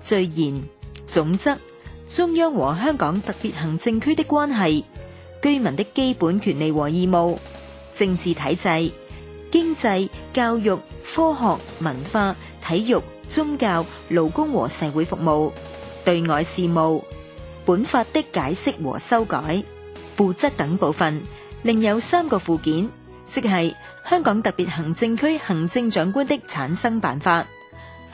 序言、總則，中央和香港特別行政區的關係、居民的基本權利和義務、政治體制、經濟、教育、科學、文化、體育、宗教、勞工和社會服務、對外事務、本法的解釋和修改、附則等部分，另有三個附件，即係香港特別行政區行政長官的產生辦法，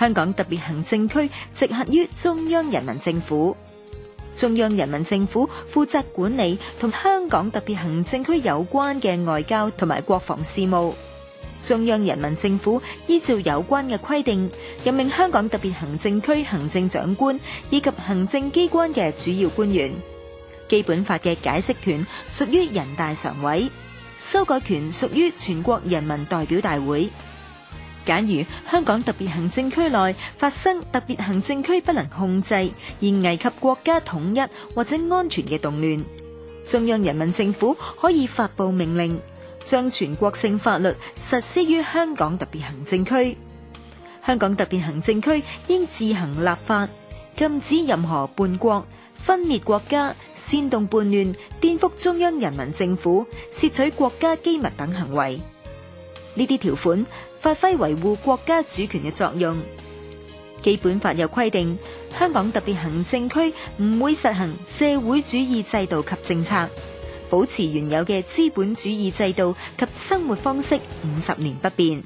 香港特別行政區直轄於中央人民政府，中央人民政府負責管理同香港特別行政區有關嘅外交同埋國防事務。中央人民政府依照有關嘅規定，任命香港特別行政區行政長官以及行政機關嘅主要官員。基本法嘅解釋權屬於人大常委，修改權屬於全國人民代表大會。假如香港特別行政區內發生特別行政區不能控制，而危及國家統一或者安全嘅動亂，中央人民政府可以發布命令，將全國性法律實施於香港特別行政區。香港特別行政區應自行立法，禁止任何叛國、分裂國家、煽動叛亂、顛覆中央人民政府、竊取國家機密等行為。呢啲條款發揮維護國家主權嘅作用。基本法又規定，香港特別行政區唔會實行社會主義制度及政策，保持原有嘅資本主義制度及生活方式五十年不變。